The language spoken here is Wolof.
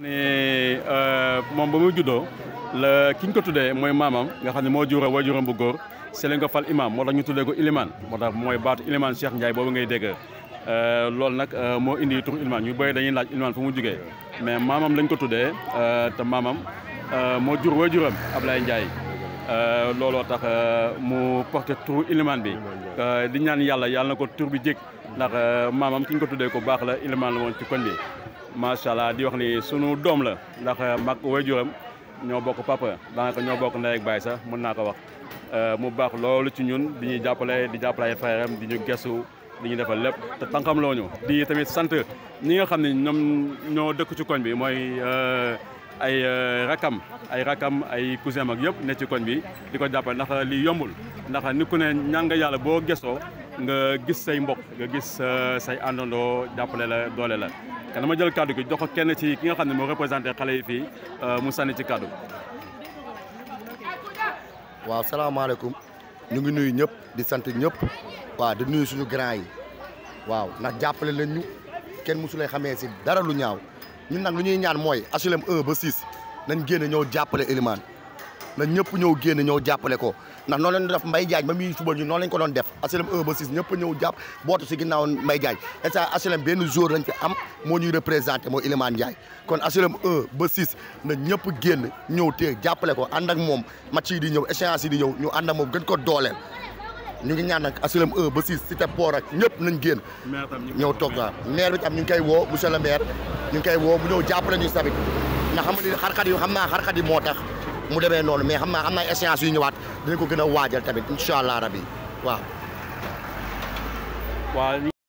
ne euh, moom ba muy juddoo la ki ñu ko tuddee mooy maamam nga xam ne moo jura waajuram bu góor si lañ ko fal imam moo tax ñu tuddee ko ilimaan moo tax mooy baat ilimaan Cheikh Ndiaye boobu ngay dégg euh, loolu nag euh, moo indi tur ilimaan ñu dañuy laaj ilimaan fu mu jugee mais maamam lañ ko tuddee te maamam moo jur waajuram Ablaye Ndiaye looloo tax mu porté turu ilimaan bi di ñaan yàlla yàlla na ko tur bi jég ndax maamam ki ñu ko tuddee ko baax la ilimaan la woon ci koñ bi macha allah di wax ni sunu doom la ndax eh, mag waajuram ñoo bokk papa daanaka ñoo bokk ndey ak baay sax mën naa ko wax eh, mu baax loolu ci ñun di ñuy jàppale di jàppale ay frèram di ñu gestu di ñu defal lépp te tànkam loo ñu di tamit sant ñi nga xam ne ñoom ñoo dëkk ci koñ bi mooy eh, ay rakam ay rakam ay cousin ak yëpp ne ci koñ bi di ko jàppale ndax li yombul ndax ni ku ne ñaan boo gestoo nga gis say mbokk nga gis say àndandoo jàppale la doole la kan ma jël kàddu gi jox kenn ci ki nga xam ne moo représenté xale yi fii euh, mu sànni ci kàddu. waaw salaamaaleykum ñu ngi nuyu ñëpp di sant ñëpp waaw di nuyu suñu grand yi waaw ndax jàppale leen ñu kenn mosu lay xamee si dara lu ñaaw ñun nag lu ñuy ñaan mooy HLM 1 ba 6 nañ génne ñëw jàppale Elimane. na ñëpp ñëw génn ñëw jàppale ko ndax noonu lañ def Mbaye Diagne ba muy fubal ñu noonu lañ ko doon def HLM 1 ba 6 ñëpp ñëw jàpp bootu si ginnaaw Mbaye Diagne instant HLM benn jour lañ am moo ñuy représenté moo Ilimane Ndiaye kon HLM 1 ba 6 na ñëpp génn ñëw te jàppale ko ànd ak moom match yi ñëw échéance yi ñëw ñu ànd ak moom gën ko dooleel ñu ngi ñaan nag HLM 1 ba 6 ñëpp nañ génn ñëw toog waaw maire bi tam ñu ngi koy woo monsieur le maire ñu ngi koy woo mu ñëw jàppale ñu sabit ndax xam nga ni xarxat yi xam naa xarxat yi moo tax mu demee noonu mais xam naa am na ay échéances yu ñëwaat dinañ ko gën a waajal tamit incha allah rabi waaw.